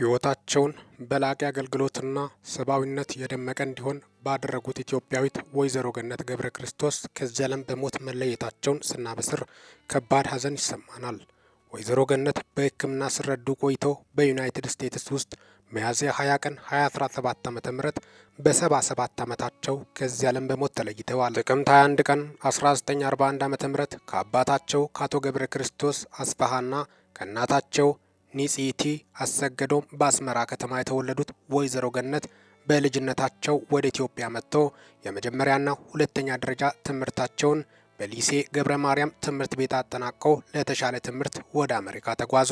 ህይወታቸውን በላቂ አገልግሎትና ሰብአዊነት የደመቀ እንዲሆን ባደረጉት ኢትዮጵያዊት ወይዘሮ ገነት ገብረ ክርስቶስ ከዚህ ዓለም በሞት መለየታቸውን ስናበስር ከባድ ሐዘን ይሰማናል። ወይዘሮ ገነት በሕክምና ስረዱ ቆይተው በዩናይትድ ስቴትስ ውስጥ ሚያዝያ 20 ቀን 2017 ዓ.ም በ77 ዓመታቸው ከዚህ ዓለም በሞት ተለይተዋል። ጥቅምት 21 ቀን 1941 ም ከአባታቸው ከአቶ ገብረ ክርስቶስ አስፋሃና ከእናታቸው ኒጽቲ አሰገዶም በአስመራ ከተማ የተወለዱት ወይዘሮ ገነት በልጅነታቸው ወደ ኢትዮጵያ መጥተው የመጀመሪያና ሁለተኛ ደረጃ ትምህርታቸውን በሊሴ ገብረ ማርያም ትምህርት ቤት አጠናቀው ለተሻለ ትምህርት ወደ አሜሪካ ተጓዙ።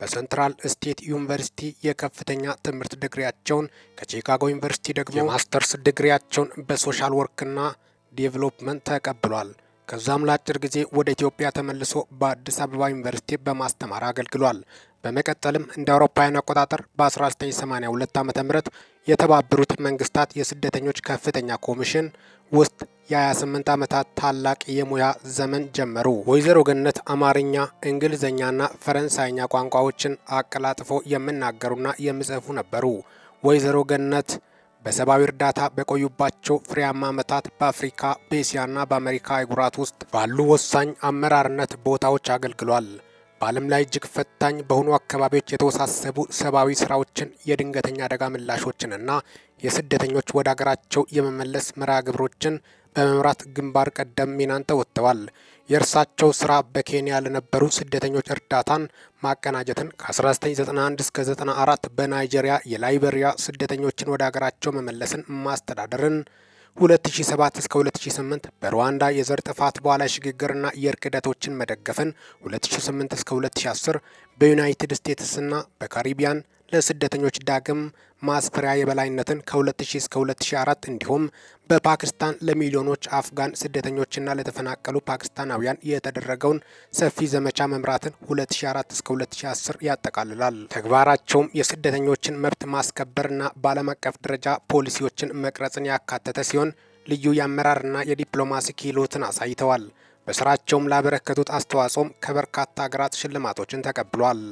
በሰንትራል ስቴት ዩኒቨርሲቲ የከፍተኛ ትምህርት ድግሪያቸውን ከቺካጎ ዩኒቨርሲቲ ደግሞ የማስተርስ ድግሪያቸውን በሶሻል ወርክና ዴቨሎፕመንት ተቀብሏል። ከዛም ለአጭር ጊዜ ወደ ኢትዮጵያ ተመልሶ በአዲስ አበባ ዩኒቨርሲቲ በማስተማር አገልግሏል። በመቀጠልም እንደ አውሮፓውያን አቆጣጠር በ1982 ዓ ም የተባበሩት መንግስታት የስደተኞች ከፍተኛ ኮሚሽን ውስጥ የ28 ዓመታት ታላቅ የሙያ ዘመን ጀመሩ። ወይዘሮ ገነት አማርኛ፣ እንግሊዝኛና ፈረንሳይኛ ቋንቋዎችን አቀላጥፎ የሚናገሩና የሚጽፉ ነበሩ። ወይዘሮ ገነት በሰብአዊ እርዳታ በቆዩባቸው ፍሬያማ ዓመታት በአፍሪካ በኤስያና በአሜሪካ አህጉራት ውስጥ ባሉ ወሳኝ አመራርነት ቦታዎች አገልግሏል። በዓለም ላይ እጅግ ፈታኝ በሆኑ አካባቢዎች የተወሳሰቡ ሰብአዊ ስራዎችን የድንገተኛ አደጋ ምላሾችንና የስደተኞች ወደ አገራቸው የመመለስ መርሃ ግብሮችን በመምራት ግንባር ቀደም ሚናን ተወጥተዋል። የእርሳቸው ስራ በኬንያ ለነበሩ ስደተኞች እርዳታን ማቀናጀትን፣ ከ1991 እስከ 94 በናይጄሪያ የላይበሪያ ስደተኞችን ወደ አገራቸው መመለስን ማስተዳደርን 2007 እስከ 2008 በሩዋንዳ የዘር ጥፋት በኋላ ሽግግርና የእርክደቶችን መደገፍን 2008 እስከ 2010 በዩናይትድ ስቴትስና በካሪቢያን ለስደተኞች ዳግም ማስፈሪያ የበላይነትን ከ2000 እስከ 2004 እንዲሁም በፓኪስታን ለሚሊዮኖች አፍጋን ስደተኞችና ለተፈናቀሉ ፓኪስታናውያን የተደረገውን ሰፊ ዘመቻ መምራትን 2004 እስከ 2010 ያጠቃልላል። ተግባራቸውም የስደተኞችን መብት ማስከበርና በዓለም አቀፍ ደረጃ ፖሊሲዎችን መቅረጽን ያካተተ ሲሆን ልዩ የአመራርና የዲፕሎማሲ ክህሎትን አሳይተዋል። በስራቸውም ላበረከቱት አስተዋጽኦም ከበርካታ ሀገራት ሽልማቶችን ተቀብሏል።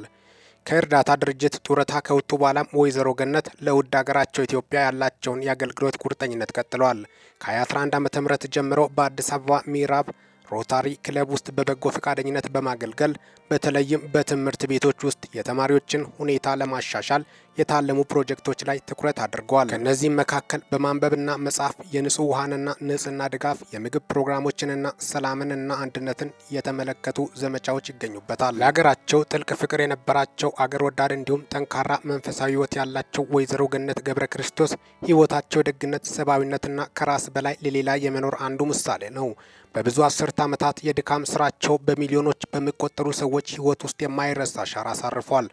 ከእርዳታ ድርጅት ጡረታ ከወጡ በኋላም ወይዘሮ ገነት ለውድ ሀገራቸው ኢትዮጵያ ያላቸውን የአገልግሎት ቁርጠኝነት ቀጥለዋል። ከ2011 ዓ ም ጀምሮ በአዲስ አበባ ሚራብ ሮታሪ ክለብ ውስጥ በበጎ ፈቃደኝነት በማገልገል በተለይም በትምህርት ቤቶች ውስጥ የተማሪዎችን ሁኔታ ለማሻሻል የታለሙ ፕሮጀክቶች ላይ ትኩረት አድርገዋል። ከእነዚህም መካከል በማንበብና መጻፍ፣ የንጹህ ውሃንና ንጽህና ድጋፍ፣ የምግብ ፕሮግራሞችንና ሰላምንና አንድነትን የተመለከቱ ዘመቻዎች ይገኙበታል። ለሀገራቸው ጥልቅ ፍቅር የነበራቸው አገር ወዳድ እንዲሁም ጠንካራ መንፈሳዊ ህይወት ያላቸው ወይዘሮ ገነት ገብረ ክርስቶስ ህይወታቸው ደግነት፣ ሰብአዊነትና ከራስ በላይ ለሌላ የመኖር አንዱ ምሳሌ ነው። በብዙ አስርት ዓመታት የድካም ስራቸው በሚሊዮኖች በሚቆጠሩ ሰዎች ህይወት ውስጥ የማይረሳ አሻራ አሳርፏል።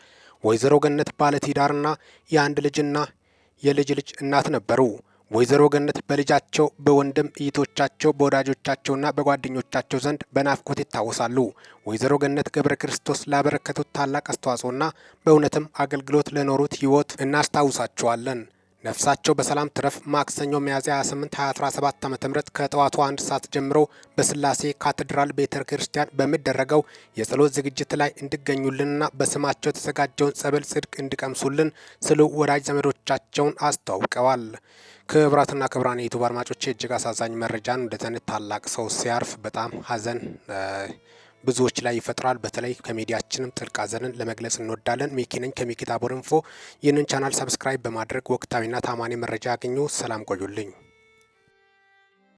ወይዘሮ ገነት ባለትዳርና የአንድ ልጅና የልጅ ልጅ እናት ነበሩ። ወይዘሮ ገነት በልጃቸው በወንድም እህቶቻቸው በወዳጆቻቸውና በጓደኞቻቸው ዘንድ በናፍቆት ይታወሳሉ። ወይዘሮ ገነት ገብረ ክርስቶስ ላበረከቱት ታላቅ አስተዋጽኦና በእውነትም አገልግሎት ለኖሩት ህይወት እናስታውሳቸዋለን። ነፍሳቸው በሰላም ትረፍ። ማክሰኞ ሚያዝያ 28 2017 ዓ ም ከጠዋቱ አንድ ሰዓት ጀምሮ በስላሴ ካቴድራል ቤተ ክርስቲያን በሚደረገው የጸሎት ዝግጅት ላይ እንዲገኙልንና በስማቸው የተዘጋጀውን ጸበል ጽድቅ እንዲቀምሱልን ስሉ ወዳጅ ዘመዶቻቸውን አስተዋውቀዋል። ክብራትና ክብራን የዩቱብ አድማጮች እጅግ አሳዛኝ መረጃን እንደተን ታላቅ ሰው ሲያርፍ በጣም ሀዘን ብዙዎች ላይ ይፈጥራል። በተለይ ከሚዲያችንም ጥልቅ ሐዘንን ለመግለጽ እንወዳለን። ሚኪነኝ ከሚኪታ ቦረንፎ። ይህንን ቻናል ሰብስክራይብ በማድረግ ወቅታዊና ታማኒ መረጃ ያገኙ። ሰላም ቆዩልኝ።